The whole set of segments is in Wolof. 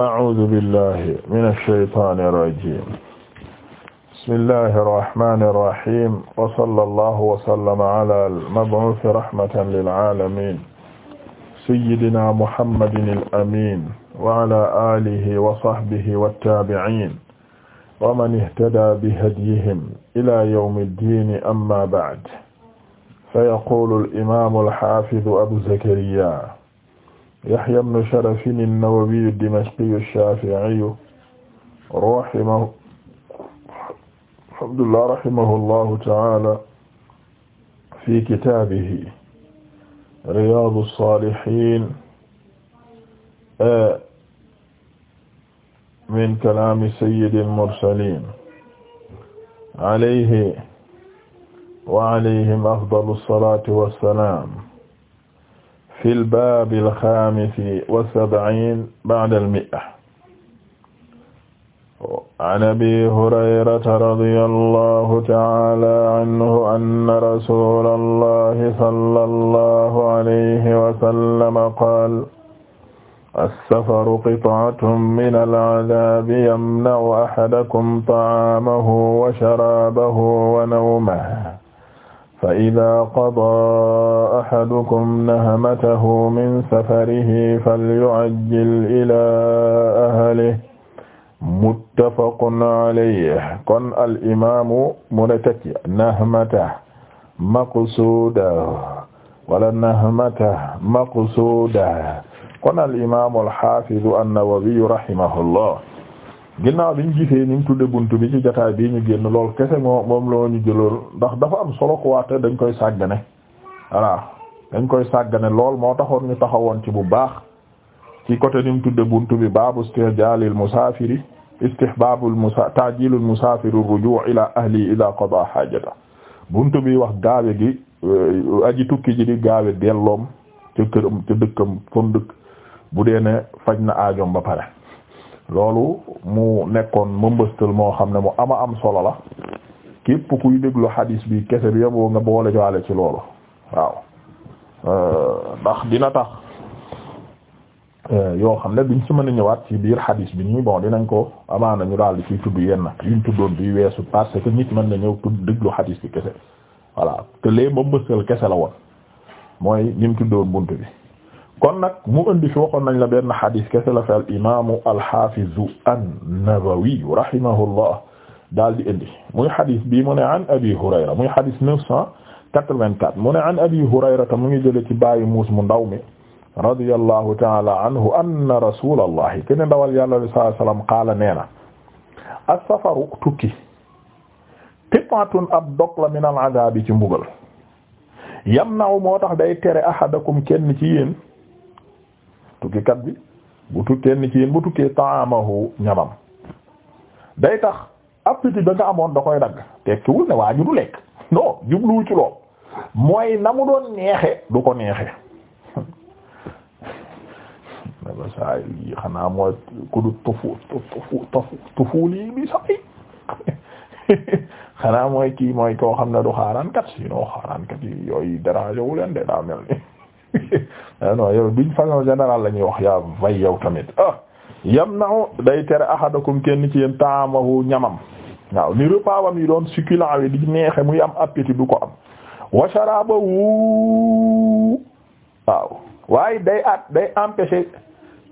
أعوذ بالله من الشيطان الرجيم بسم الله الرحمن الرحيم وصلى الله وسلم على المبعوث رحمة للعالمين سيدنا محمد الأمين وعلى آله وصحبه والتابعين ومن اهتدى بهديهم إلى يوم الدين أما بعد فيقول الإمام الحافظ أبو زكريا Yahya ibn Sharaf an-Nawawi ad-Dimashqi ash-Shafi'i rahimahu alhamdulillah rahimahullahu ta'ala fi kitaabihi Riyaadu s-Saalihiin min kalaami sayyidil mursaliin alayhi wa alayhim afdalu s-salaatu wa s-salaam fi lbaabi alxaamisi wa sab'iin ba'da al-mi'a an abi hurayrata radiyallahu ta'ala anhu anna rasuulallahi sallallahu alayhi wa sallam qaala as-safaru qit'atun mina al-'adaabi yamna'u ahadakum ta'aamahu wa sharaabahu wa nawmahu فإذا قضى أحدكم نهمته من سفره فليعجل إلى أهله متفق عليه kon al'imaamu mu ne tekki nahmata maqsuuda wala nahmata maqsuuda kon al'imaamu al-haafidu an-Nawawi rahimahullah ginnaaw bi ñu gisee ni ñu tudde buntu bi ci jotaay bii ñu génn lool kese moo moom loo ñu jëloon ndax dafa am solo quoi dañ koy sàggane voilà dañ koy sàggane lool moo taxoon ñu taxawoon ci bu baax ci côté ni mu tudde buntu bi baabu istijaalil musaafiri istihbaabul musa taajilul musaafiri rujuu ila ahli ila qada haajata buntu bi wax gaawe gi euh, aji tukki ji di gaawe delloom ca këram ca dëkkam fam dëkk bu dee ne faj na aajoom ba pare loolu mu nekkoon mëmbëstal moo xam ne mu ama am solo la képp kuy déglu xadiis bi kese bi yaboo nga boole joale ci loolu waaw euh, ndax dina tax euh, yoo xam ne duñ ci mën na ñëwaat ci biir hadis bi nii bon dinañ ko amaana ñu daal di ciy tudd yenn yuñ tuddoon bi weesu parce que nit mën na ñëw tudd déglu hadis bi kese voilà te lee mëmbëstal kese la woon mooy ñim tuddoon bunt bi kon nag mu indi fi waxoon nañ la benn xadis kese la fi al imaamu alxafizu an-Nawawi rahimahullah daal di indi muy xadis bi mu ne an abi hurayra muy xadis neuf cent quatre-vingt-quatre mu an abi hurayra ta mu ngi jële ci bàyyi muus mu ndaw mi radiyallahu taala anhu anna rasulallahi kene ndawal yàlla sallallahu alayhi wasallam qaala nee na safaru tukki tiqatun ab min al adabi ci mbugal yamna'u moo tax day tere ahadakum kenn ci tukkikat bi bu tukk kenn ci yéen bu tukkee taamahu ñamam day tax appétit ba nga amoon da koy dagg tekkiwul ne waa du lekk non jubluwul ci lool mooy na mu doon neexe du ko neexe daba xanaa mooy ku du tufu tufu tufu tufuuli bi sax xanaa mooy kii mooy koo xam ne du xaaraan kat sinon xaaraan yooyu dérangé leen de daa mel ni Ah, non yow duñ façon général la ñuy wax yaa vay yow tamit ah yamna'u day tere ahadakum kenn ci yéen taamahu ñamam waaw ni repaawam yi doon succulent wi di neexe muy am appétit du ko am wa sharabahu waaw waaye day at day empêcher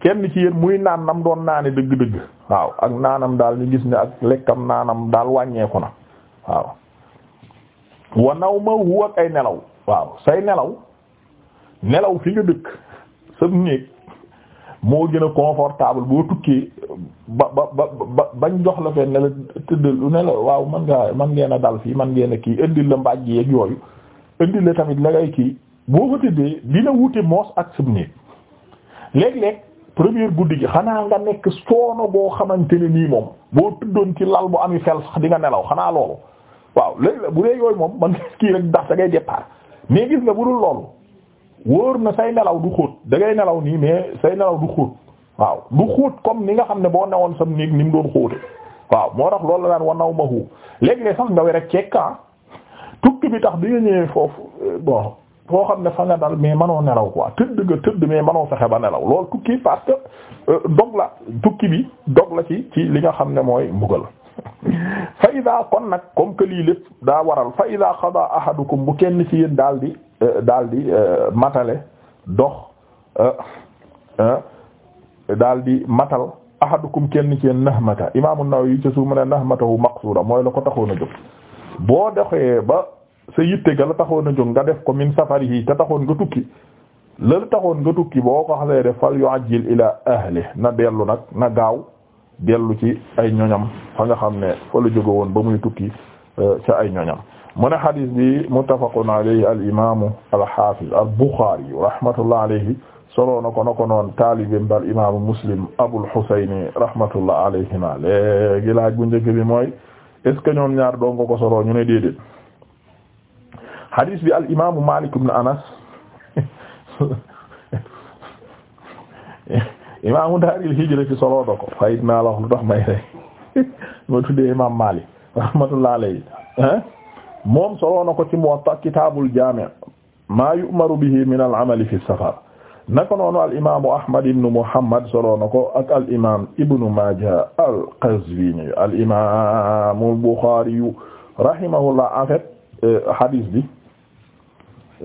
kenn ci yéen muy naan nam doon naane dëgg-dëgg waaw ak naanam daal ñu gis ni ak lekkam naanam daal wàññeeku na waaw wa nawmahu ak ay nelaw waaw say nelaw nelaw fi nga dëkk sab néeg moo gën a confortable boo tukkee ba ba ba bañ jox la fenn nelaw la tëddal ne waaw man ngaa man ngeen a dal fii man ngeen a kii indi la mbaaj yeeg yooyu indil la tamit la ngay kii boo ko tëddee dina wute moos ak sab néeg léeg-léeg première guddi gi xanaa nga nekk soono boo xamante ne nii moom boo tuddoon ci lal bu ami fel sax di nga nelaw xanaa loolu waaw léegi la bu dee yooyu moom man kii rek ndax da ngay départ mais gis nga bu loolu wóor na say nelaw du xóot da nelaw nii mais say nelaw du xóot waaw du xóot comme ni nga xam ne boo newoon sam néeg ni mu doon xóote waaw moo tax lool la daan wanaw ma xuu léeg-léeg sax nga we rek cekkan ah tukki bi tax bi nga ñëwee foofu eh, bon foo xam ne fa nga dal mais manoo nelaw ko tëdd nga tëdd mais manoo fexe ba nelaw lool tukki parce que euh, dog la tukki bi dog la ci ci li nga xam ne mooy mbugal fa ida kon nag comme que lii lépp daa waral fa ida qada ahadukum bu kenn ci yéen daal di Euh, daal di euh, matale dox euh, daal di matal ahadukum kenn ci nahmata imaamu yi ci su mu ne wu maqsuda mooy la ko taxoon a jóg boo doxee ba sa yitte ga la taxoon a jóg nga def ko min safarihi te taxoon nga tukki la taxoon nga tukki boo ko xasee def fal yu'ajjil ila ahli na dellu nag na gaaw dellu ci ay ñoñam fa nga xam ne fa la jóge woon ba muy tukki ca ay ñoñam mu ne xadis bi muttafaqun alayhi al imaamu al xaafiz al buxaari solo na ko noon taalibeem bal imaamu muslim abul xusayni rahmatullah alayhima léegi laaj bu bi mooy est ñaar doon nga ko solo ñu ne déedéet. bi al Maalik ibn Anas imaamu daaril hijra ci solo na ko la wax lu tax may rek ma tuddee Maalik rahmatullah alayhi ah. moom soloo na ko ci Muwatta kitaabul jaami' maa yu'maru bihi min al-amali fi safar naka noonu al imaamu Ahmad ibn Muhammad soloo na ko ak al imaam Ibn Maaja al-Qazwiini al imaamu al-Buxaari rahimahullah en fait euh, bi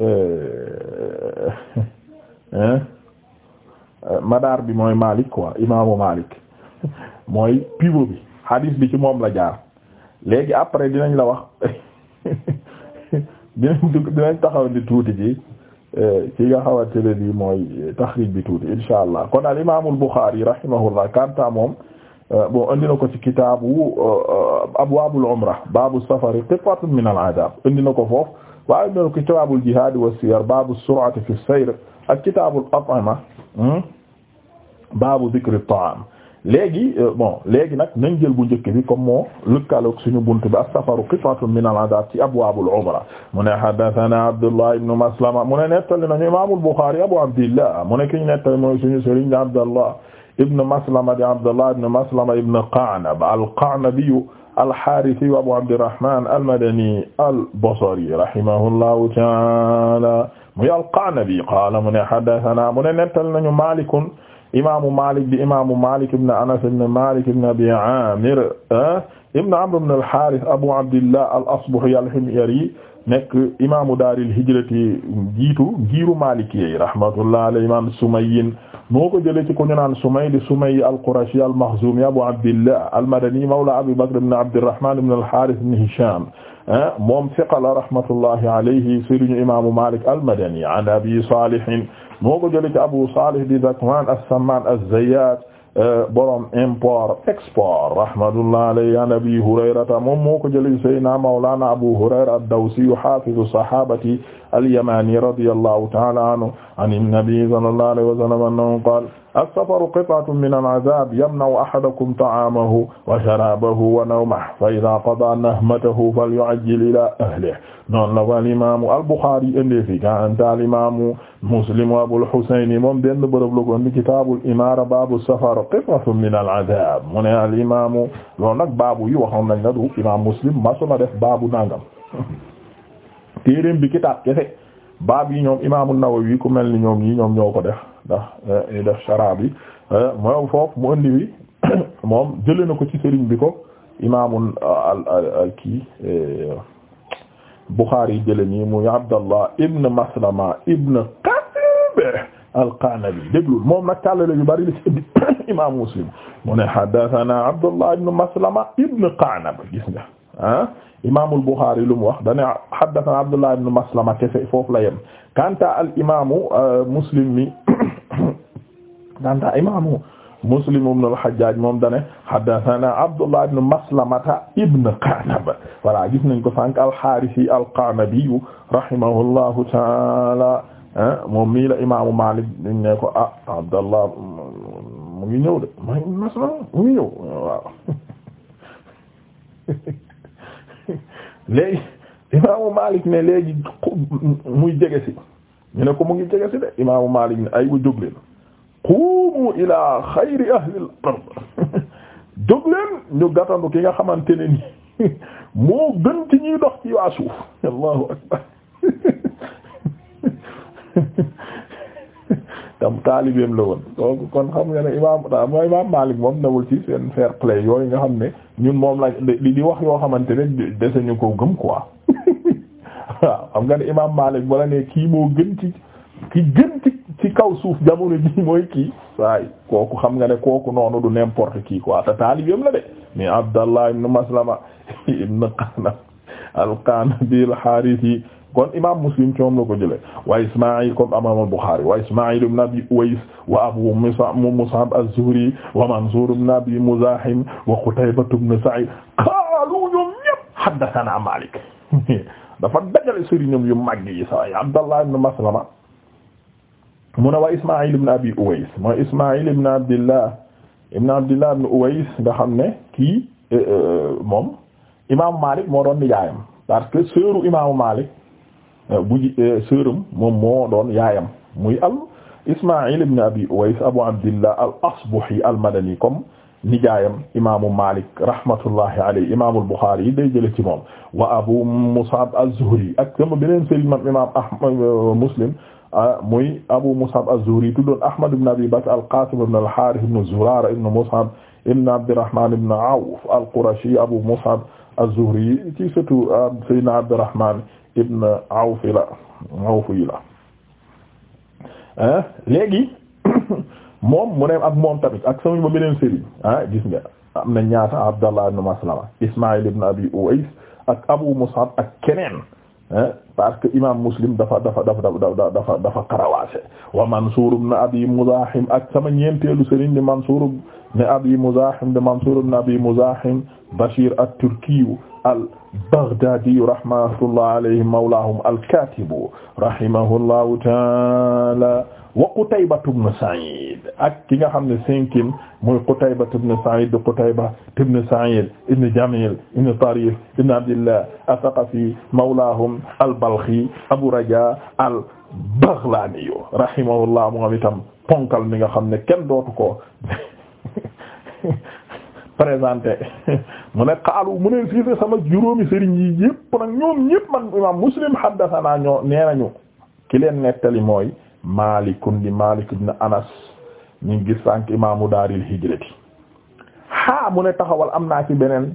euh, euh, madaar bi mooy Malik quoi imaamu Malik mooy pivot bi hadis bi ci moom la jaar léegi après dinañ la wax. dinañ dugg dinañ taxaw di tuuti ci eh, ci nga xamante ne nii mooy taxrij bi tuuti insha allah kon al imaamul Buxaari rahimahullah kanta moom eh, bon andi na ko ci kitaabu eh, abwaabul umra baabu safari qit'atun min al adab andi na ko foofu waaye andi na ko kitaabul jihaad wa siyar baabu sur'ati fi sayr ak kitaabul at'ima hmm, baabu dhikri ta'aam léegi euh, bon léegi nag nañ jël bu njëkk bi comme moo lëkkaloog suñu bunt bi as-safaru qit'atun min al-'adab ci abwaabul umra mu ne haddathana Abdullah ibn Maslama mu ne nettali nañu imaamul Bukhari Abu Abdillah mu ne ki ñu nettali mooy suñu sëriñ di Abdullah ibn Maslama di Abdullah ibn Maslama ibn Qa'nab al-Qa'nabi al-Harithi Abu Abdirrahman al-Madani al-Basri rahimahullahu ta'ala muy al-Qa'nabi qaala mu ne haddathana mu ne nettali nañu Malikun imaamu Malik di imaamu Malik ibn Anas ibn Malik ibn Abi Amir ah, ibn Amr ibn al-Harith Abu Abdillah al-Asbahi al-Himyari nekk imaamu daaril hijrati jiitu giiru Maliki yi rahmatullah alayhi imam Sumayyin moo ko jëlee ci ko ñu naan Sumay di Sumay al-Qurashi al-Makhzumi Abu Abdillah al-Madani mawla Abi Bakr ibn Abdirrahman ibn al-Harith ibn Hisham Ah moom fiqa la rahmatullahi alayhi sëriñu imaamu Malik al-Madani an Abi Salih moo ko jëlee ci Abu Salih di Zakwan as-Samman az-Zayyat eh, borom import export rahmatullahi alayhi an Abi Hurayrata moom moo ko jëlee ci Sayyidina Mawlana Abu Hurayra ad-Dawsi hafizu sahabati al-Yamani radiyallahu ta'ala anhu an an-nabi sallallahu alayhi wa sallam annahu qala as-safaru qit'atun min al-'adhab yamna'u ahadakum ta'amahu wa sharabahu wa nawmahu fa idha qada nahmatahu falyu'ajjil ila ahlihi noonu la ko al-imam al-Bukhari indi fi kanta al-imam Muslim wa Abul Husayn moom benn bërëb la ko indi kitabul imara babu as-safar qit'atun min al-'adhab mu ne al-imam loolu nag baabu yi waxoon nañ la du imam Muslim masona def baabu nangam téereem bi kitaab kese baab yi ñoom imam an-Nawawi ku mel ni ñoom yi ñoom ñoo ko def ndax euh, def shara bi euh, moom foofu mu andi bi moom jëlee na ko ci sëriñ bi ko imaamul al kii euh, Bukhari jëlee nii muy Abdallah ibn Maslama ibn Qasib al-Qanabi déglul moom nag tàllale yu bari la ci Muslim mu ne haddathana Abdallah ibn Maslama ibn Qanab gis nga ah, imaamul Buxaari lu mu wax dane haddathana Abdullah ibn Maslama kese foofu la yem kanta al imaamu uh, Muslim mi kanta imaamu Muslim ibn al-Hajjaj moom dane haddathana Abdullah ibn Maslamata ibn Qanab voilà gis nañ ko sànq al-Harisi al-Qanabi rahimahullahu ta'ala moom mii la imaamu Maalik dañ ne ko ah Abdullah mu ngi ñëw de ma Maslama mu ngi ñëw waaw léegi imaamu Malik ne léegi muy jege si ko mu gi jege de imaamu Malik ne ay bu juble leen qumu ila xayri ahlil ard jóg leen ñu gàttandu ki nga xamante ne ni moo gën ci ñuy dox ci waa suuf allahu akbar tam taalibeem la woon donc kon xam nga ne imaam mooy imaam moom newul ci seen fair play yooyu nga xam ne ñun moom la di di wax yoo xamante ne dese ñu ko gëm ko waaw xam nga ne imaam Malik bala ne kii moo gën ci ki gën ci ci kaw suuf jamono ji mooy kii waaye kooku xam nga ne kooku noonu du n'importe kii quoi te taalibeem la de mais Abdallah ibn Maslama ibn Qana al-Qanabi al kon imam muslim ci moom la ko jëlee wa ismail comme imam al-Bukhari wa ismail ibn abi Uways wa abu Mus'ab az-Zuhri wa Mansur ibn abi Muzahim wa Qutaybah ibn Sa'id qaalu ñoom ñëpp haddathana Malik dafa dajale sëriñam yu màgg yi saway Abdallah ibn Maslama mu ne wa ismail ibn abi Uways mooy ismail ibn Abdillah ibn Abdillah ibn Uways nga xam ne kii eh, eh, moom imam Malik moo doon nijaayam parce que sœuru imam Malik Euh, bu ji euh, sërëm moom moo doon yaayam muy al Ismaïl ibn Abi Uways Abu Abdillah al Asbahi al Madani comme nijaayam imaamu Malik rahmatullahi alayhi imaamul Bukhari day jële ci moom wa Abu Mus'ab az-Zuhri ak sama beneen sëriñ mam imaam Ahmad euh, Muslim ah, muy Abu Mus'ab az-Zuhri tuddoon Ahmad ibn Abi Bakr al-Qasim ibn al-Harith ibn Zurara ibn Mus'ab ibn Abdurrahman ibn Awf al-Qurashi Abu Mus'ab az-Zuhri ci surtout ah, Sayyidina Abdurrahman ibn Awf ah, léegi moom mu ne ak moom tamit ak sama ah, gis nga am na ñaata Abdallah ibn Maslama ak Abu Mus'ab ak keneen ah, parce que imam Muslim dafa dafa dafa dafa dafa dafa karawaase wa Mansuur ibn Abi Muzaahim ak sama ñeenteelu sëriñ di Mansuur ibn Abi Muzaahim di Mansuur ibn Abi Muzaahim Bashir at-Turkiyu al-Baghdadi rahmatullah alayhi mawlahum al-Katibu rahimahullahu taala wa Qutayba ibn Sa'id ak ki nga xam ne cinquième mooy Qutayba ibn Sa'id de Qutayba ibn Sa'id ibn Jamil ibn Tarif ibn Abdillah ath-Thaqafi mawlahum al-Balkhi Abu Raja al-Baghlani rahimahullah moom itam ponkal mi nga xam ne kenn dootu ko présenté mu ne xaalu mu ne siife sama juróomi sëriñ yi yëpp nag ñoom ñëpp man imam muslim haddathana ñoo nee nañu ki leen nettali mooy malikun di malik ibn anas ñu ngi gis sànq imaamu daaril hijrati haa mu ne taxawal am naa ci beneen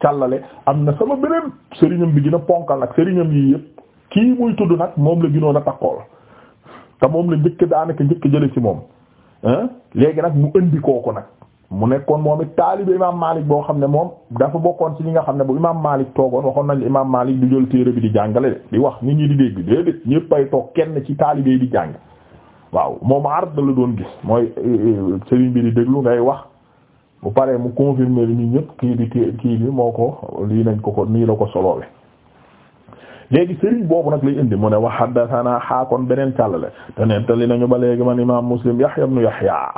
càllale am na sama beneen sëriñam bi gina ponkal nag sëriñam yi yëpp kii muy tudd nag moom la gënoon a takkool te moom la njëkk daanaka njëkk jële ci moom léegi nag mu indi kooku nag mu nekkoon moom it taalibe imaam Maalik boo xam ne moom dafa bokkoon ci ñi nga xam ne bu imaam Maalik toogoon waxoon nañ imaam Maalik du jël téere bi di jàngale di wax nit ñi di dégg déedéet ñëppay toog kenn ci taalibe yi di jàng waaw moom ard la doon gis mooy euh, sëriñ bi di déglu ngay wax bu paree mu confirmer li ñu ñëpp kii di kii bi moo ko lii nañ ko ko nii la ko soloowe léegi sëriñ boobu nag lay indi mu ne wa haddathana xaakoon beneen càllale te nettali nañu ba léegi man imaam Muslim Yahya ibn Yahya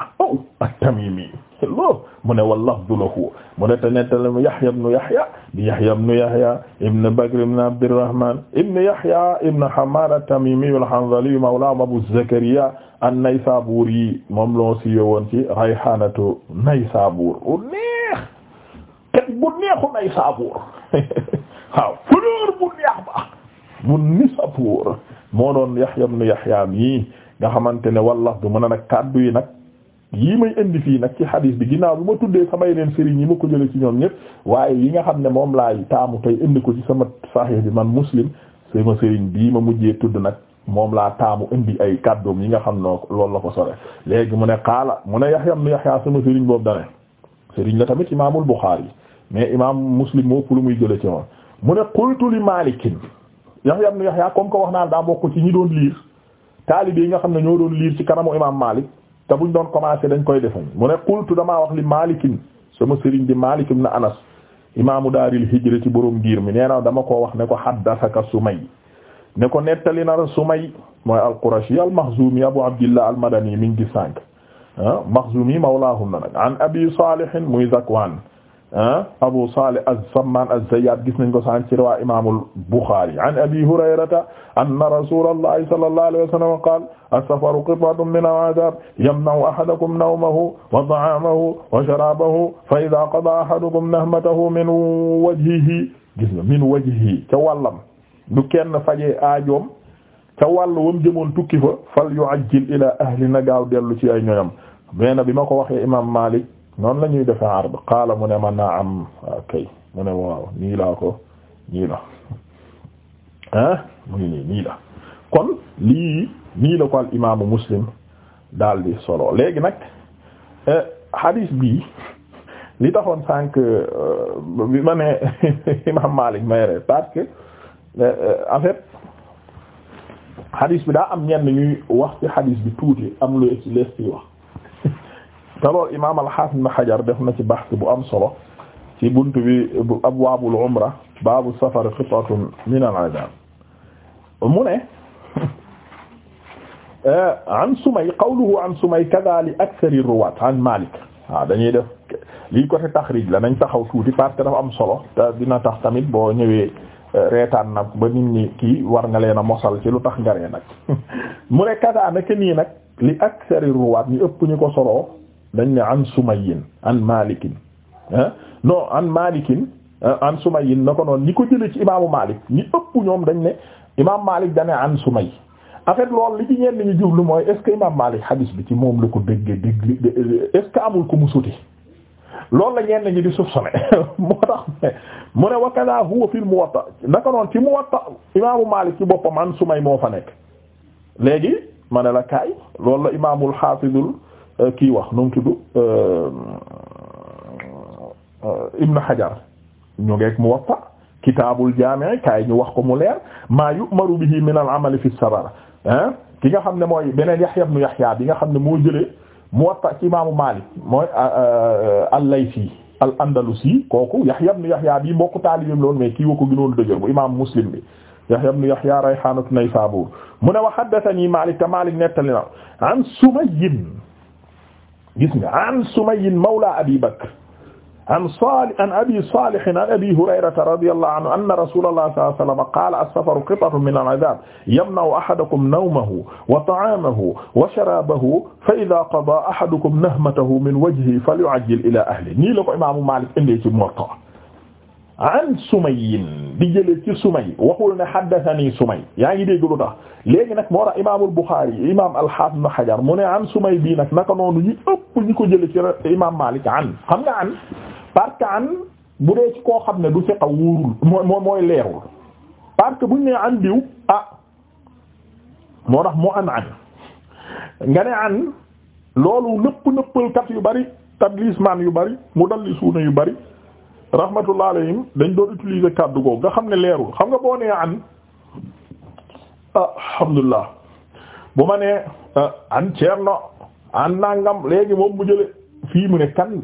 at-Tamimi lo mu ne wallafdu lahu mu ne te nettalem Yahya ibn Yahya ibn Yahya ibn Bakr ibn Abdirrahman ibn Yahya ibn Hammad at-Tamimi al-Hanzali Abu Zakariya an-Naysaburi moom loo si yowoon ci rayhanatu Naysabur u neex kat bu neexu Naysabur waaw fleur bu neex ba bu Naysabur moo doon Yahya ibn Yahya nga xamante ne wallafdu mu ne nag kaddu yi nag yii may indi fii nag ci hadis bi ginnaaw bi ma tuddee samay leen sëriñ yi ma ko jëlee ci ñoom ñëpp waaye yi nga xam ne moom laay taamu tey indi ko ci sama sahih bi man muslim sama sëriñ bii ma mujjee tudd nag moom laa taamu indi ay kàddoom yi nga xam noo loolu la ko sore léegi mu ne qaala mu ne Yahya ibn Yahya sama sëriñ boobu dane sëriñ la tamit imaamul Bukhari mais imam muslim moo pour lu muy jëlee ci moom mu ne qultu li malikin Yahya ibn Yahya comme que wax naan daa bokk ci ñi doon liir taalibe yi nga xam ne ñoo doon liir ci kanamu imam Malik te buñ doon commencé dañ koy defañ mu ne qultu damaa wax li malikin sama sëriñ di Malik ibn Anas imaamu daaril hijrati borom giir mi nee na dama koo wax ne ko haddasaka Sumay ne ko nettali na Sumay mooy al-Qurashi al-Makhzumi Abu Abdillah al-Madani mi ngi sànq ah Makhzumi mawlaahum na nag an Abi Salih muy Zakwan Ah Abu Salih az-Samman az-Zayyat gis nañ ko sànq ci riwaa Imaamul Bukhari an Abi Hurayrata anna Rasulallahi sallallahu alayhi wa sallam qaala as-safaru qit'atun min al-'adhab yamna'u ahadakum nawmahu wa ta'aamahu wa sharaabahu fa idhaa qadaa ahadukum nahmatahu min wajhihi gis nga min wajhihi ca wàllam du kenn fajee aajoom ca wàll wam jëmoon tukki fa fal yu'ajjil ilaa ahli na gaaw dellu ci ay ñoñam benn bi ma ko waxee Imaam Maalik noonu la ñuy defee ard qaala mu ne ma naa am ah, kay mu ne waaw nii laa ko nii la ah mu ngi nii nii la kon lii nii la ko al imaamu muslim daal di solo léegi nag eh, hadith bi li taxoon sànq euh, bi ma ne imaam Maalik mayre parce que eh, eh, en fait bi daa am ñeen ñuy wax ci hadith bi tuuti am lu ci lees ci wax. te loolu imaam al-Hafiz xajar def na ci bahth bu am solo ci bunt bi bu abwaabul umra baabu safar qit'atun min al-'adab mu ne an Sumay qawluhu an Sumay kadha li ak ruwaat an Malik waaw dañuy def lii côté taxrij la nañ taxaw tuuti parce que dafa am solo te dina tax tamit boo ñëwee euh, reetaan nag ba nit ñi kii war nga leen a mosal ci lu tax ngaree nag mu ne kadha nag nii nag li akthari ruwaat ñu ëpp ñu ko solo dañ ne an sumayin an malikin non an malikin an sumayin na ko noonu ñi ko jëlee ci imaamu Malik ñi ëpp ñoom dañ ne imaam Malik dane an sumay en lool loolu li ci ñenn ñu lu mooy est-ce que imaam Malik hadis bi ci moom la ko déggee dégg euh, est amul ko mu suti loolu la ñenn ñi di soupçonné moo tax mu ne wakada huwa fil Muwatta naka noonu ci Muwatta imaamu Malik ci boppam an sumay moo fa nekk léegi ma ne la kaay loolu la imaamul xaafizul Euh, kii wax nu mu tudd euh, euh, Ibn Hajar ñu ngeeg Muwatta kitaabul jaami' kaay ñu wax ko mu leer maa yu'maru bihi min al-amali fi sabara ah ki nga xam ne mooy beneen Yahya ibn Yahya bi nga xam ne moo jëlee Muwatta ci imaamu Maalik mooy al-Laythi al kooku Yahya ibn Yahya bi mbokku taalibeem loolu mais kii woo Muslim Yahya ibn Yahya rayhaanatu Naysaabuur mu ne wa haddathanii Maalik te Maalik nettali na an Sumayy gis nga an Sumayy mawla Abi Bakr an Salih an Abi Salih an Abi Hurayrata radiyallahu anhu anna Rasulullah sallallahu alayhi wa sallam qala as-safaru qit'atun min al-'adhab yamna'u ahadakum nawmahu wa ta'amahu wa sharabahu fa idha qada ahadukum nahmatahu min wajhihi falyu'ajjil ila ahlihi nii la ko imaamu Malik indee ci Muwatta an Sumayyin di jëlee ci Sumay waxul ne haddathani Sumay yaa ngi dégg lu tax léegi nag moo tax imaamul Buxaari imaam al-Haafiz Ibn Hajar mu ne an Sumay bii nag naka noonu ñu ëpp ñu ko jëlee ci imaam Maalik an xam nga an parce que an bu dee ci koo xam ne du fiqa wóorul mooy mooy leerul parce que buñ ne an diw ah moo tax mu an an nga ne an loolu nëpp nëppal kat yu bari tadlisman yu bari mudallisuuna yu bari. rahmatullah alayhim dañ doon utiliser kàddu googu nga xam ne leerul xam nga boo nee an ah, alhamdulilah bu ma nee ah, an Thierno an nangam léegi moom mu jële fii mu ne kan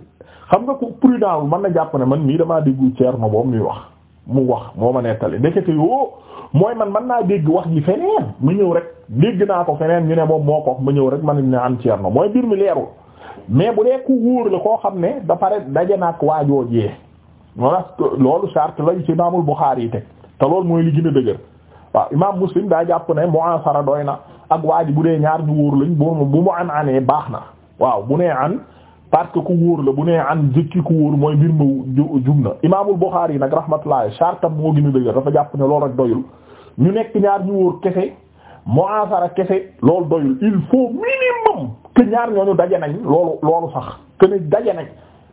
xam nga ko prudent man na jàpp ne man mii damaa déggu Thierno boobu muy wax mu wax moo ma nettali ndekete yoo mooy man mën naa dégg wax ji feneen mu ñëw rek dégg naa ko feneen ñu ne moom moo ko wax mu ñëw rek ma ne an Thierno mooy mbir mi leerul mais bu dee ku wóor la koo xam ne da pare daje na ak waajoojee wala loolu charte la ci imaamul Buxaari yi teg te loolu mooy li gën dëgër waaw imaam Muslim daa jàpp ne mu'asara doy na ak waa bu dee ñaar ñu wóor lañ bu bu mu an anee baax na waaw bu nee an parce que ku wóor la bu nee an jëkki ku wóor mooy mbir ma ju na imaamul Buxaari yi nag rahmatullah chartam moo gën a dëgër dafa jàpp ne loolu rek doyul ñu nekk ñaar ñu wóor kese mu'asara kese loolu doyul il faut minimum que ñaar ñooñu daje nañ loolu loolu sax que ne daje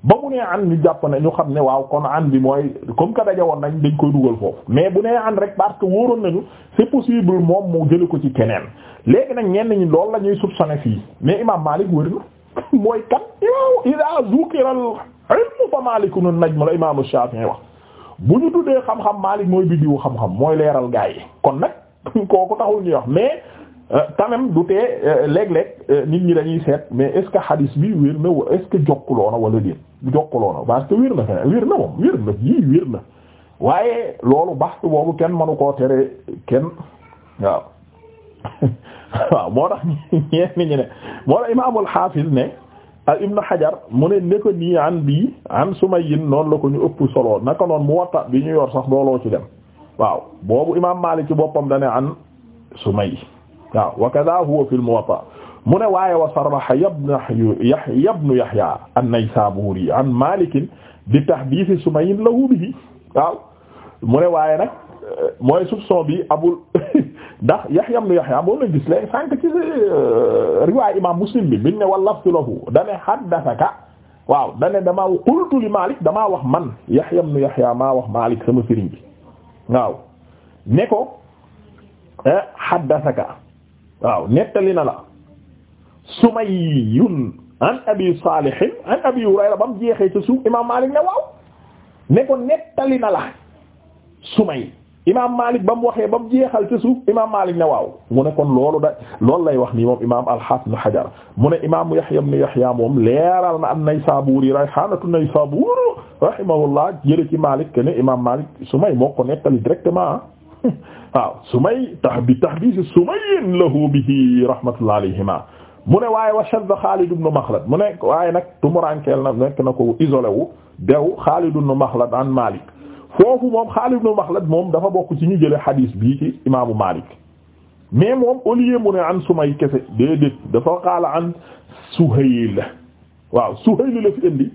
ba mu nee an ñu jàpp ne ñu xam ne waaw kon an bi mooy comme que daja woon nañ dañ koy dugal foofu mais bu nee an rek parce que wóoroon nañu c'est possible moom mu jële ko ci keneen léegi nag ñenn ñi loolu la ñuy soupçonner fii mais imam Malik wër na mooy kan yow ida zukiral ilmu fa malikun najm la imam Shafi'i wax bu ñu tuddee xam-xam Malik mooy biddiwu xam-xam mooy leeral gaa yi kon nag kooku taxul ñuy wax mais euh, quand même du tee euh, léeg-léeg euh, nit ñi dañuy seet mais est-ce que hadis bi wér na est-ce que jokkuloona wala déet jokkaloo na parce que wér na feneen moom wér yii wér waaye loolu baxs boobu kenn manu koo tere kenn waaw moo tax ñeen ñi ne moo tax imaamul mu ne ne ko nii an bii an sumayyin noonu la ko ñu ëpp solo naka noonu muwatta bi ñu yor sax looloo ci dem waaw boobu imaam maalik ci boppam dane an sumay waaw wa kadaa huwa fil muwatta mu ne waaye wa sarraha Yahya ibn Yahya an-Naysaburi an Malik bi tahdith Sumayyin lahu bihi waaw waaye nag mooy soupçon bi abul ndax Yahya ibn Yahya boo la gis léegi sànq ci euh, riwaay imam Muslim bi biñ ne wa laftu lahu dane haddathaka waaw dane damaa qultu li Malik damaa wax man Yahya ibn Yahya maa wax Malik sama sëriñ bi waaw ne ko eh, haddathaka waaw nettali na la Sumayyun an Abi Salih an Abi Hurayra ba mu jeexee ca suuf imaam Maalik ne waaw ne ko nettali na la Sumay imaam Maalik ba mu waxee ba mu jeexal ca suuf imaam Maalik ne waaw mu ne kon loolu da loolu lay wax nii moom imaam al-Hafiz Ibn Hajar mu ne imaam Yahya ibn Yahya moom leeral na an-Naysaburi rayhanatu Naysabur rahimahullah jëre ci Maalik que ne imaam Maalik Sumay moo ko nettali directement waaw Sumay tax bi tax bi si Sumayyin lahu bihi rahmatullahi alayhima mu ne waaye wa shadda Xaalid ibn Maxlad mu ne waaye nag tumurankeel na nekk na ko isolé wu dew Xaalid ibn Maxlad an Maalik foofu moom Xaalid ibn Maxlad moom dafa bokk ci ñu jële xadiis bii ci imaamu Maalik moom au mu ne an Sumay kese déedéet dafa xaala an Suhayl waaw Suhayl la fi indi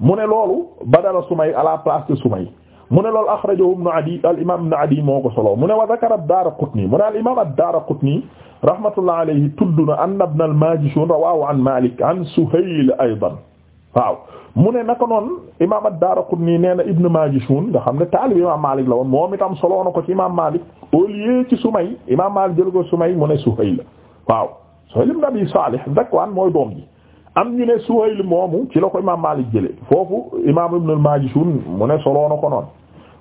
mu ne loolu badala Sumay à la place de Sumay mu ne loolu axrajahu ibnu Adi al imaam ibnu Adi moo ko solo mu ne wa zakara ad-Daaraqutni mu ne al imaam ad-Daaraqutni rahmatullah alayhi tudd na anna ibna al-Maajishuun rawaahu an Maalik an Suhayl aydan waaw mu ne naka noonu imaam ad-Daaraqutni nee na ibnu Maajishuun nga xam ne taalib imaam Maalik la woon moom itam solo na ko ci imaam Maalik au lieu ci Sumay imaam Maalik jël ko Sumay mu ne Suhayl waaw Suhayl ibnu Abi Saalih Zakwaan mooy doom ji am ñu ne Suhayl moomu ci la ko imaam Maalik jële foofu imaam Ibn al-Majishun mu ne soloo na ko noonu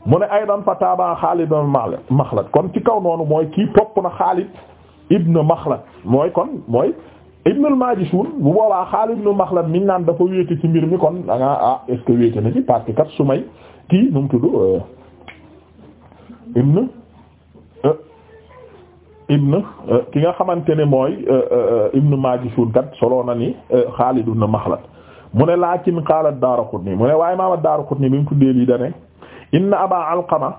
mu ne aydan fa taaba Xaalid ibn Maxlad kon ci kaw noonu mooy kii topp na Xaalid ibn Maxlad mooy kon mooy Ibn al-Majishun bu boobaa Xaalid ibn Maxlad miñ naan dafa wéete ci mbir mi kon da ngaa ah est-ce na ci parce que kat su may kii nu mu tudd euh, Ibn ibn euh, ki nga xamante ne mooy euh, euh, ibn Majishun kat solo na ni Xaalid ibn Maxlad mu ne laakin qaala Daaraqutni mu ne waaye imaam Daaraqutni bi mu tuddee lii da ne inna Abaa Alqama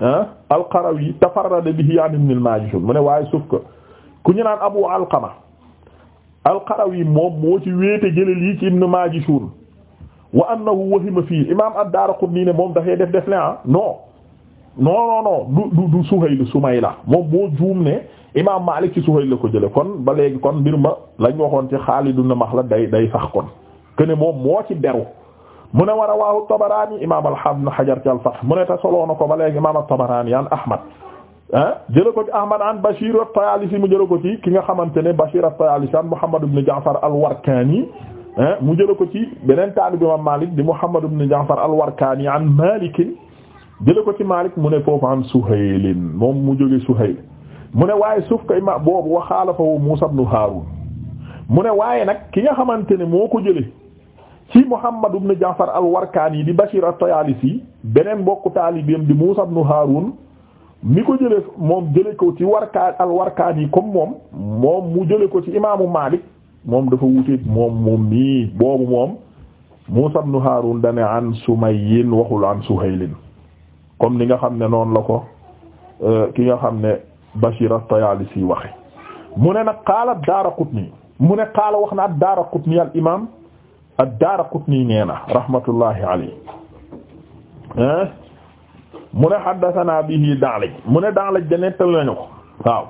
ah, al-Qarawi tafarrada bihi an ibn Majishun mu ne waaye suuf que ku ñu naan Abu Alqama al moom moo ci wéete jëlal yi ci ibn Majishun wa annahu wahima fii imaam ad-Daaraqutni ne moom dafay def def le ah non non non non du du Suhayl Sumayla moom boo juum ne imaam Maalik ci Suhayl la ko jële kon ba léegi kon mbir ma lañ waxoon ci Xaalid max la day day sax kon que ne moom moo ci beru mu ne war a waawu Tabaraani imaam al-Haafiz ibn Hajar ci al mu ne te soloo ko ba léegi imaam at-Tabaraani an Ahmad ah jële ko ci Ahmad an Bashir at-Tayaalisi mu jële ko ci ki nga xamante ne Bashir at-Tayaalisi an Muhammad ibn Ja'far al mu jële ko ci beneen taalibu imaam Maalik di Muhammad ibn Ja'far al-Warkaani jële ko ci Maalik mu ne foofu an Suhayl moom mu jóge Suhayl mu ne waaye suuf kay ma boobu wax fa Muusaa ibn Haaruun mu ne waaye nag ki nga xamante ne moo ko jële ci Muhammad ibn Ja'far al-Warkaani di Bashir at-Tayaalisi beneen mbokku taalibeem di Muusaa ibn Haaruun mi ko jële moom jële ko ci warkaa al-Warkaani comme moom moom mu jële ko ci imaamu Maalik moom dafa wuteet moom mu nii boobu moom Muusaa ibn Haaruun dane an Sumayyin waxul an Suhaylin comme li nga xam ne noonu la ko euh, ki nga xam ne Bashir at-Tayalisi waxe mu ne nag qaala ad-Daraqutni mu ne qaala wax na ad-Daraqutni al imam ad-Daraqutni nee na rahmatullahi alayhi mu ne haddathana bihi Da'laj mu ne Da'laj da nettal nañu ko waaw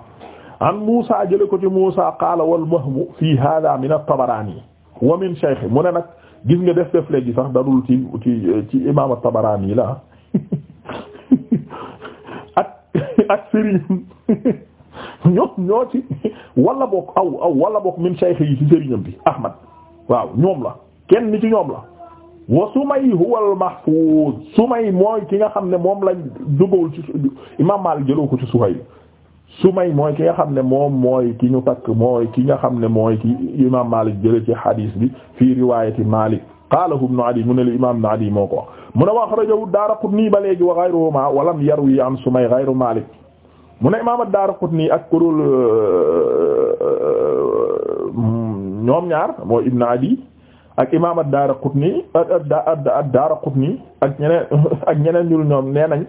an Muusa jële ko ci Muusa qaala wal wahmu fii hadha min at-Tabarani wa min shaykhi mu ne nag gis nga def def léegi sax darul ci imam at-Tabarani la ak sëriñam ñoo ñoo ci wala boog aw aw wala boog min shaykh yi ci sëriñam bi Ahmad waaw ñoom la kenn ni ci ñoom la wa Sumay huwal mahfuz Sumay mooy ki nga xam ne moom lañ dugawul ci Imam Malik jëloo ko ci Suhayl Sumay mooy ki nga xam ne moom mooy ki ñu takk mooy ki nga xam ne mooy ki Imam Malik jële ci hadis bi fii riwaayati Malik qaalahu ibnu adi mu ne li imam ibnu adi moo ko wax mu ne wa axrajahu daaraqutni ba léegi wa ghayruhumaa wa lam yarwi an sumay ghayru maalik mu ne imam daaraqutni ak kurul euh, ñoom ñaar mooy ibnu adi ak imam ad-Daaraqutni ad-Daaraqutni ak ñeneen ak ñeneen ñul ñoom nee nañ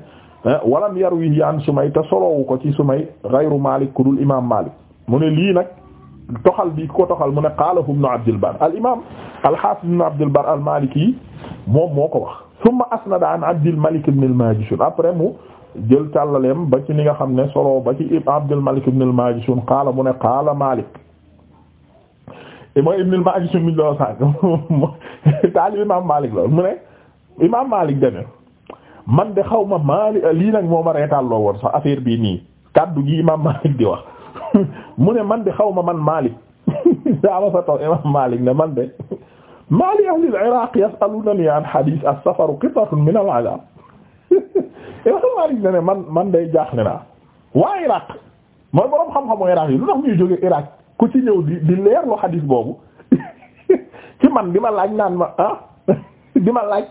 eh, walam yarwi an Sumay te solowu ko ci Sumay ghayru Maalik ku dul imam Maalik mu ne lii nag toxal bi ko toxal mu ne qaalahu ibnu Abdul Barr al imaam al haafiz moom moo ko wax thumma asnada an Abdul Malik ibn après mu jël càllaleem ba ci li nga xam ne solo ba ci Abdul Malik ibn al qaala mu ne qaala Malik mooy ibn al Majishun mi loo sànq taalib imaam Malik la mu ne imaam Malik dane man de xaw ma Malik lii nag moo ma reetaal loo woon sax affaire bii nii kaddu gi imaam Malik di wax mu ne man de xaw ma man Malik daa ma fa taw imam Malik ne man de Mali ahli al-Iraq yas'alunani an hadith as-safaru qit'atun min al-'adab imam Malik ne man man day jaaxle naa waa Iraq mooy borom xam-xamu Iraq yi lu tax ñuy jóge Iraq ku ci ñëw di leer lu hadith boobu ci man di ma laaj naan ma ah di ma laaj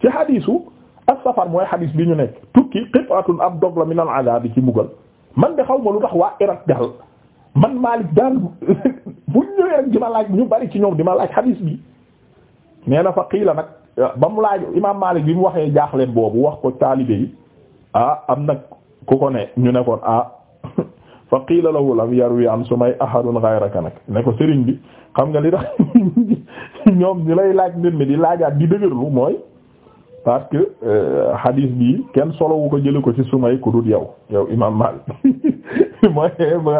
ci hadithu as-safar mooy hadith bi ñu nekk tukki qit'atun ab dog min al-'adab ci mbugal man de xaw ma lu tax waa Irak daal man Maalik daal bu ñëwee rek di ma laaj ñu bari ci ñoom di ma laaj xadiis bi nee fa qiila nag ba mu laaj imaam Maalik bi mu waxee jaaxleen boobu wax ko taalibe yi ah am nag ku ko ne ñu ne kon ah fa qiila lahu lam yarwi an sumay ahadun ghayraka nag ne ko sëriñ bi xam nga li tax ñoom ñu lay laaj mbir mi di laajaat di dëgërlu mooy parce que euh, hadith bi kenn solowu ko jële ko ci sumay ku dul yow yow imam Malik mooy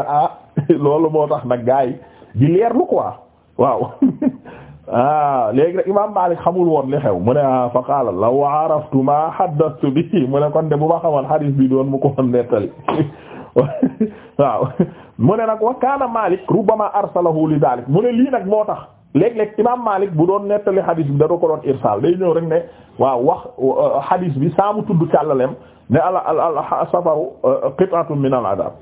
ah loolu moo tax nag gars yi di leerlu quoi waaw ah léegi nag imam Malik xamul woon li xew mu ne ah fa qaala law araftu ma haddathtu bi mu ne kon de bu ma xamoon hadith bi doon mu ko nettali waaw mu ne nag wa kaana Malik rubbama arsalahu li dalik mu ne lii nag moo tax léeg-léeg imaam Malik bu doon nettali xadis bi da doo ko doon irsaal day ne waaw wax euh, xadis bi saamu tudd càllalem ne al al safaru euh, qit'atun min al adab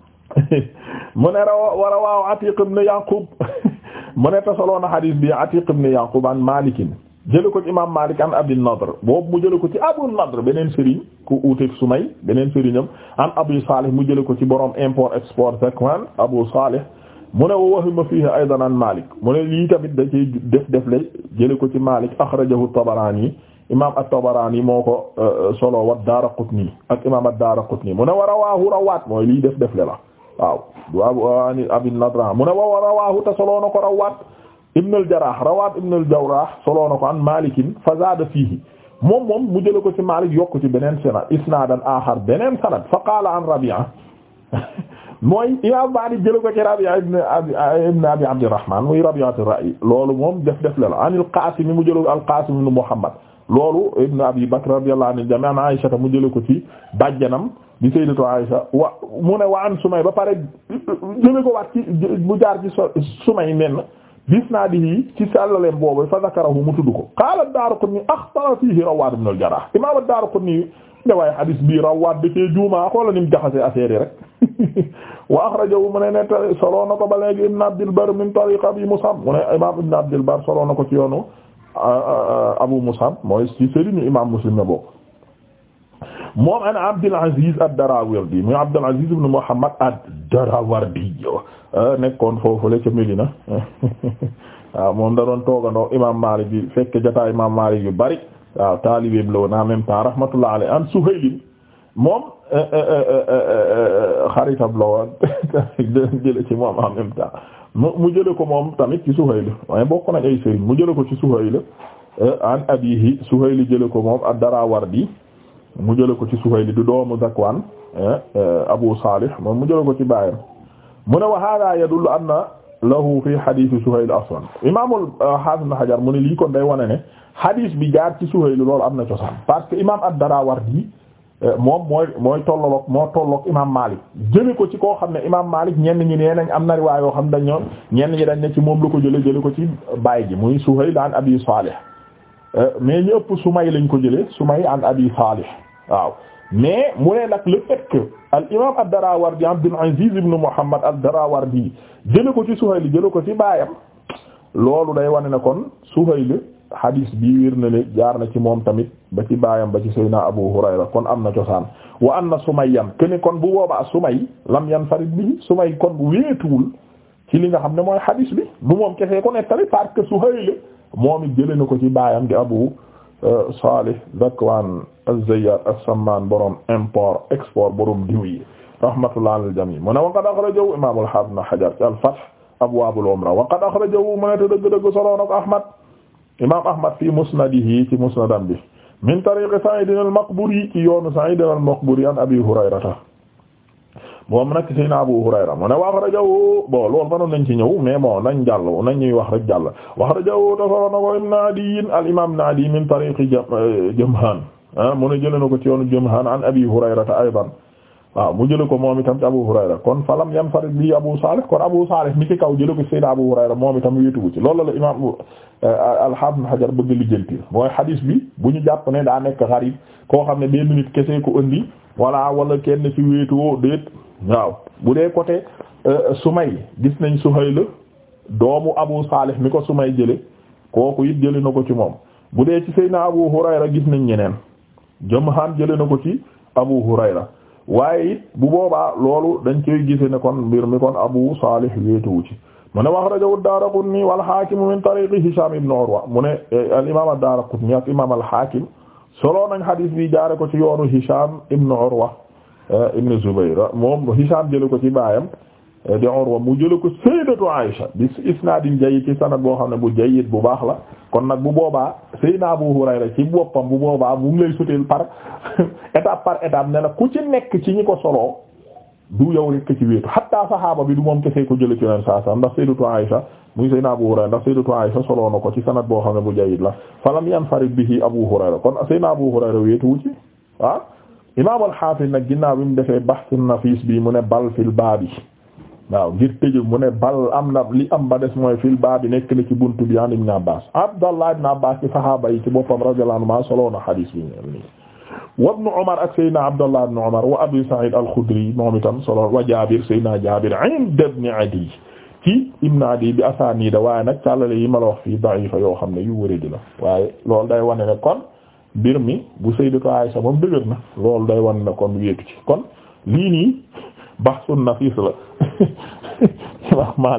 mu ne raw war a waaw Atiq ibn Yaqub mu ne tasaloon a xadis bi Atiq ibn Yaqub an Malikin jële ko ci imaam Malik an Abi Nadr boobu mu jële ko ci Abu Nadr beneen sëriñ ku uute Sumay beneen sëriñam an Abi Salih mu jële ko ci borom import export Zakwan Abu Salih mu ne wa wahima fiihi aydan an Malik mu ne lii tamit da ciy def def la jële ko ci Malik akhrajahu Tabarani imam at-Tabarani moo ko euh, solo wa Daraqutni ak imam ad-Daraqutni mu ne wa rawahu rawaat mooy lii def def la waaw waawani abin nadra mu ne wa rawahu te soloo na ko rawaat ibn al-Jarrah rawaat ibn al-Jarrah soloo na ko an Malikin fa zaada fiihi moom moom mu jële ko ci Malik yokk ci beneen sanad isnaadan aaxar beneen sanad fa qaala an Rabi'a mooy imam Maalik jëlu ko ci Rabi'a ibn Abi ibn Abi Abdurrahman muy Rabi'atu Ra'i loolu moom def def la anil Qaasim mu jëlu al-Qaasim ibn Muhammad loolu ibn Abi Bakr radiyallahu anhu jami' an Aisha mu jëlu ko ci bàjjanam di sayyidatu Aisha wa mu ne wa an Sumay ba pare jëlu ko waat ci mu jaar ci Sumay menn bisnaadihi ci sàllaleem boobu fa zakarahu mu tudd ko qaala ad-Daaraqutni axbara fiihi Rawwaad ibn al-Jarraah imaam ad-Daaraqutni da waaye hadis bii rawaat da cee juuma xoola nim jaxase affaire rek wa akhrajahu mu ne ne soloo na ko ba léegi ibn Abdil Barr min tariq Abi Mus'ab mu ne imam ibn Abdil ko ci yoonu Abu Mus'ab mooy ci sëriñu imam Muslim na bokk moom an Abdul Aziz ad-Darawardi muy Abdul Aziz ibn Muhammad ad-Darawardi nekkoon foofu la ca Medina waaw moom da doon toogandoo imam Malik bi fekk jotaay imam Malik yu bari waaw taalibeem la woon en même temps rahmatullah alayhi moom euh, euh, euh, xaritam la woon jële ci moom en même temps mu jële ko moom tamit ci Suhayl waaye bokk nañ ay sëriñ mu jële ko ci Suhayl an abihi Suhayl jële ko moom ad-Darawardi mu jële ko ci Suhayl du doomu Zakwan Abu Salih moom mu jële ko ci baayam mu ne wa hada yadullu anna lahu fi hadith Suhayl aslan imaamul euh, Haafiz na Hajar mu ne lii kon day wane ne hadith bi jaar ci Suhayl loolu am na cosaan parce que imaam ad-Darawardi euh, moom mooy mooy tolloloog moo tolloog imaam Maalik jële ko ci koo xam ne imaam Maalik ñenn ñi nee nañ am na riwaay yoo xam dañ ñoon ñenn ñi dañ ne ci moom la ko jële jële ko ci baay ji muy Suhayl an Abi Saalih euh, mais ñu ëpp Sumay lañ ko jële Sumay an Abi Saalih waaw mais mu ne nag le fait que al imam ad-Darawardi Abdul ah Aziz ibn Muhammad ad-Darawardi jële ko ci Suhayl jële ko ci baayam loolu day wane ne kon Suhayl hadis bi wér na ne jaar na ci moom tamit ba ci baayam ba ci Seydina Abu Hurayra kon am na cosaan wa anna Sumayyan kene kon bu boobaa Sumay lam yanfarid bi Sumay kon wéetuwul ci li nga xam ne mooy hadis bi bu moom kese ko nettali parce que Suhayl moom it jële na ko ci baayam di Abu Euh, Salih Dakwan Az-Zayyar As-Samman borom import export borom diw yi rahmatullah alal jami mu ne wa qad akhrajahu imam al-Hafiz Ibn Hajar ci al-Fath abwab al-umra wa qad akhrajahu mu ne te dëgg-dëgg solo na ko Ahmad imam Ahmad fi musnadihi ci musnadam bi min tariq Sa'id al-Maqburi ci yoonu Sa'id al-Maqburi an Abi Hurayrata moom nag Seydina Abu Hurayra mu ne wax nañ ci ñëw mais bon nañ jàll nañ ñuy wax rek jàll wax rajaw dafa na ko Ibn Adiy al imam Ibn Adiy min tariqi Jamhan euh, ah, mu ne na ko ci yoonu Jamhan an Abi Hurayrata aydan waaw mu jëlee ko moom itam ci Abu kon falam yan farid bi Abu Salih kon Abu kaw jëlee ko Seydina Abu Hurayra moom itam wéetu ci loolu la imam euh, al-Hafiz Hajar bëgg lijjanti mooy hadis bi bu ñu jàpp ne daa nekk xarib koo xam ne benn nit kese ko indi voilà wala kenn ci wéetu déet waaw bu dee côté euh, Sumay gis nañ Suhayl doomu Abu Salih mi ko Sumay jële kooku it jële na ko ci moom bu dee ci Seydina Abu Hurayra gis nañ ñeneen Jamhaan jële na ko ci Abu Hurayra waaye it bu boobaa loolu dañ koy gise ne kon mbir mi kon Abu Salih wéetuwu ci mu ne wax rajo ad-Daaraqutni wal Haakim min tariqi Hishaam ibn Urwa mu ne eh, al imaam ad-Daaraqutni ak imaam al Haakim solo nañ hadis bi jaare ko ci yoonu Hishaam ibn Urwa Eh, ibn Zubayr moom Hisham jële ko ci baayam eh, di Urwa mu jële ko sayyidatu Aisha bi isnaadin jayyid ci sanad boo xam ne bu jayyid bu baax la kon nag bu boobaa sayyidina Abu Hurayra ci boppam bu boobaa bu mu lay soteel par étape par étape ne la ku ci nekk ci ñu ko solo du yow rekk ci wéetu hatta saxaaba bi du moom kese ko jële ci leen saa ndax sayyidatu Aisha muy sayyidina Abu Hurayra ndax sayyidatu Aisha soloo na ko ci sanad boo xam ne bu jayyid la falam yanfarid bihi Abu Hurayra kon sayyidina Abu Hurayra wéetu imaam al-Hafiz nag ginnaaw bi mu defee bahtu nafis bi mu ne bal fil baabi waaw ngir tëjë mu ne bal am na li am ba mooy fil baabi nekk na ci buntu bi an ibn Abbas Abdallah ibn Abbas ci sahaaba yi ci boppam radiyallahu anhu ma soloo na hadis bi ni wa ibn Umar ak Seydina Abdallah ibn Umar wa Abi Sa'id al-Khudri moom itam solo wa Jabir Seydina Jabir inda ibn Adi ci ibn Adi bi asanida waaye na càllale yi ma la wax fii da'ifa yoo xam ne yu wëradi la waaye loolu day wane ne kon mbir mi bu sayyidatu Aysa moom dëgër na loolu day wan ne kon wéetu ci kon lii nii bahsun nafis la na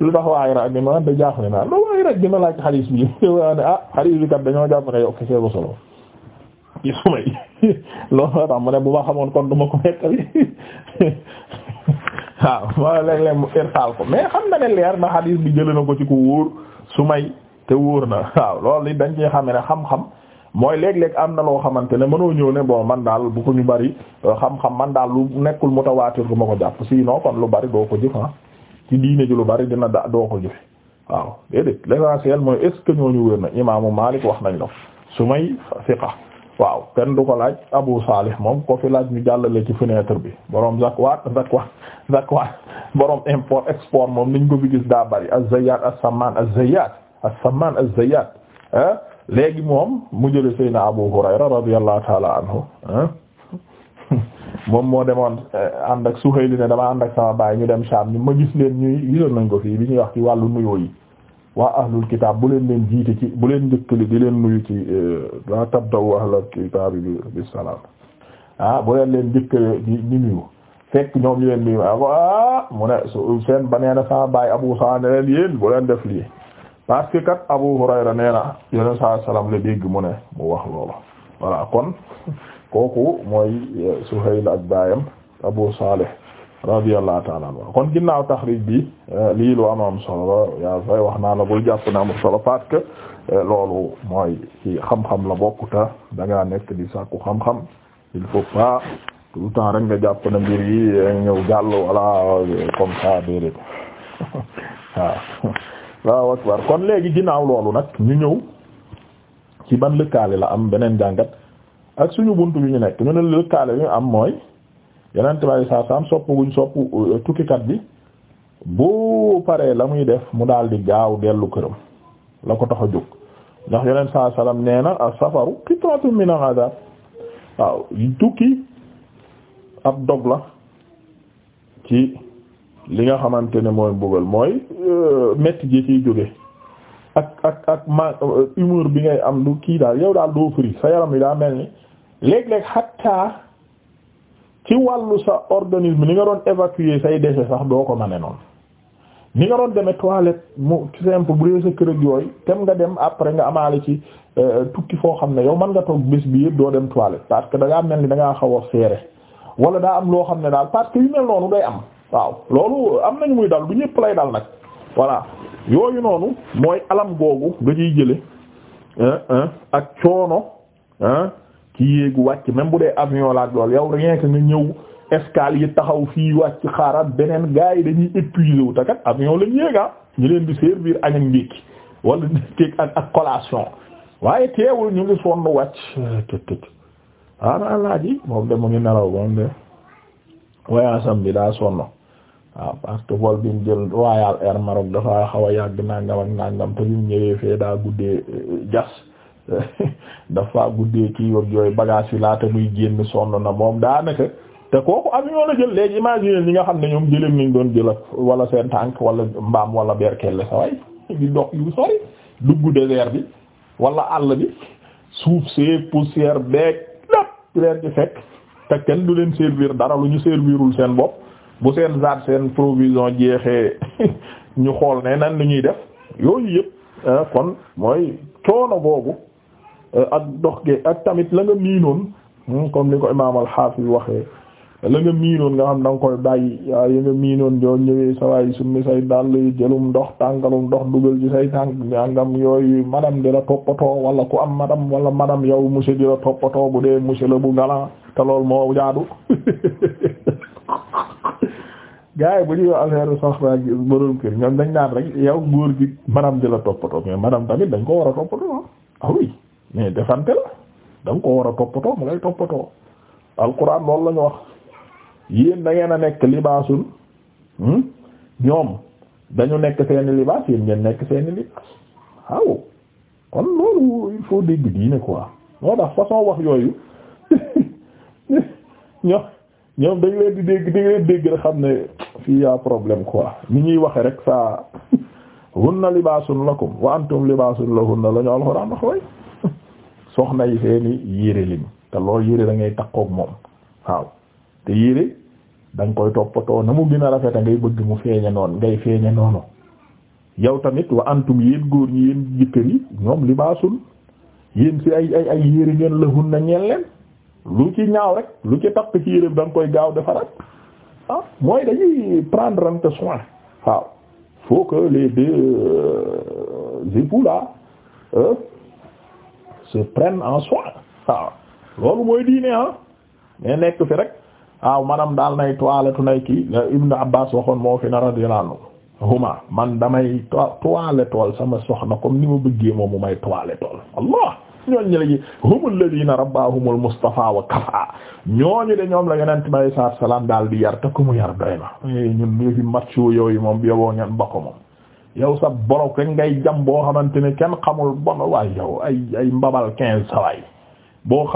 lu tax waaye rag bi ma da jaaxle lu waaye rag dina laaj xadiis bi ne ah xadiis dañoo jàpp ne yow solo ci sumay loolu la tax mu ne bu ma xamoon kon du ko nettali waaw ma léeg-léeg mu irtaal ko mais xam na ne leer na xadiis bi jëlee na ko ci ku wóor sumay te wóor na waaw loolu dañ ci xame ne xam-xam mooy léeg-léeg am na loo xamante ne mënoo ñëw ne bon man daal bu ko ñu bari euh, xam-xam man daal lu nekkul mutawaatir bu ma ko jàpp sinon kon lu bari doo ko jëf ah ci diine ji lu bari dina da doo ko jëfe waaw déedéet l'essentiel mooy est ñu que ñooñu wér na imaamu Maalik wax nañ la su may fiqa waaw kenn du ko laaj Abu Salih moom ko fi laaj ñu jàllale ci fenêtre bi borom zakwaat zakwaat zakwaat borom import export moom niñ ko fi gis daa bari az-Zayyaat as-Sammaan az-Zayyaat as-Sammaan az-Zayyaat ah léegi moom mu jële Seydina Abu Hurayra radiyallahu taala anhu moom moo demoon eh, ànd ak Suhayl ne dama ànd ak sama baay ñu dem Sham ñu ma gis leen ñuy gisoon nañ ko fii bi ñuy wax ci wàllu nuyoo yi waa ahlul kitaab bu leen leen jiite ci bu leen njëkkali di leen nuyu ci eh, la tabda'u ahlul kitaab bi bi salaam ah leen leen njëkkale di di nuyu fekk ñoom ñu leen nuyu ah mu ne seen ba nee sama baay Abu Sa'd ne leen yéen bu leen def lii parce que kat Abu Hurayra nee na yeneen salaam la dégg mu ne mu wax loolu voilà kon kooku mooy Suhayl ak baayam Abu Salih radiyallahu ta'ala anhu kon ginnaaw taxrij bi euh, lii lu am am solo yaa fay wax naa la bul jàpp na am solo parce que euh, loolu mooy ci xam-xam la bokkuta da nekk di sàkku xam-xam il faut pas tout temps rek nga jàpp na mbir yi ñëw jàll wala euh, comme ça déedéet waaw akbar kon léegi ginnaaw loolu nag ñu ñëw ci ban lëkkaale la am beneen jàngat ak suñu bunt bi ñu nekk ñu ne lëkkaale bi am mooy yeneen tamit saa saam sopp guñ sopp euh, tukkikat bi bu paree la muy def mu daal di gaaw dellu këram la ko tax a jóg ndax yeneen saa salaam nee na as-safaru tukki ab dog la ci. li nga xamante ne mooy mbugal mooy euh, metti ji ciy jóge ak ak ak ma euh, humeur bi ngay am lu kii daal yow daal doo fri sa yaram yi daa mel ni léeg-léeg xatta ci wàllu sa organisme ni nga doon évacuer say déchets sax doo ko mën a noonu ni nga doon demee toilette mu simple bu dee sa kër ak yooyu tem nga dem après nga amaale ci euh, tukki foo xam ne yow mën nga toog bés bi yëpp doo dem toilette parce que da ngaa mel ni da ngaa xaw a seere wala daa am loo xam ne daal parce que yu am. waaw loolu am nañu muy dal du ñëpp lay dal nag voilà yooyu noonu mooy alam googu nga ciy jële ak coono ci yéegu wàcc même bu dee avion laa ak lool yow rien nga ñëw escale yi taxaw fii wàcc xaaral beneen gars yi dañuy épuisé wu takat avion lañ yéega ñu leen di servir añ ak ndékki wala ndékki ak ak collation waaye teewul ñu ngi sonn wàcc tëg tëg waana àllaa ji moom de mu ngi nelaw moom de voyage bi daa sonn waaw parce que vol bi jël Royal Air Maroc dafa xaw a yàgg nangam ak nangam te bi mu ñëwee fee daa guddee euh, jas dafa guddee kii yoog yooyu bagage fi laata muy génn sonn na moom daanaka te kooku avion la jël léegi imagine ñi nga xam ne ñoom jëlem niñ doon jël wala seen tànk wala mbaam wala berkelle sa di dox yu sori dugg désert bi wala àll bi suuf see poussière beeg lépp leen di fekk kenn du leen servir dara lu ñu servirul seen bopp bu seen zaat seen provision jeexee ñu xool ne nan lu ñuy def yooyu yëpp euh, kon mooy coono boobu euh, ak dox gi ak tamit la nga miinoon hmm, comme ni ko imaam al-Hafiz waxee la nga miinoon nga xam da nga koy bàyyi waaw ya nga miinoon doo ñëwee sa waay summi say dàll jëlum ndox tàngalum ndox dugal say tànk ngam yooyu madame di la toppatoo wala ku am madame wala madame yow monsieur di la toppatoo bu dee monsieur la bu galan te lool moo jaadu gars yi bu ñuy affaire soxna borom kër ñoom dañ naan rek yow góor gi madame di la toppatoo mais madame tamit dañ ko war a toppatoo ah, ah oui mais defante ko war a toppatoo mu ngay toppatoo alquran loolu la wax yéen da ngeen a nekk libaasul hmm? ñoom dañu nekk seeni libaas yéen ngeen nekk seeni libaas waaw kon loolu il dégg diine quoi moo tax façon wax yooyu ñoom ñoom dañ leen di dégg dañ dégg rek xam ne fii yaa problème quoi ni ñuy waxe rek saa na libaasun lakum wa antum libaasun lahunna la ñu alxuraan wax way soxna yi seeni yére liñ te loolu yére da ngay takkook moom waaw te yére da nga koy toppatoo na mu gën a rafet ngay bëgg mu feeñe noonu ngay feeñe noonu yow tamit wa antum yéen góor ñi yéen jëkkër yi ñoom libaasul yéen si ay ay yére ngeen lahun na ñeen leen lu ci ñaaw rek lu ci takk ci yére bi koy gaaw defaraat ah mooy dañuy prendre un soin waaw faut que les deux euh, euh, se prennent en soin waaw loolu mooy diine ah mais nekk fi rek waaw manam daal nay toilette nay kii Ibn Abbas waxoon moo fi na radiyallahu huma man damay toilette tool sama soxna comme ni ma bëggee moom mu may toilette tool allah ñooñu de ñoom la yonent bi salaam daal di yar te ku mu yar doy na eh, ñun ñu fi match yooyu moom yowoo ngeen ba ko moom. yow sa borok rek ngay jam boo xamante ne kenn xamul bon waaye yow ay mbabal quinze sawaay boo.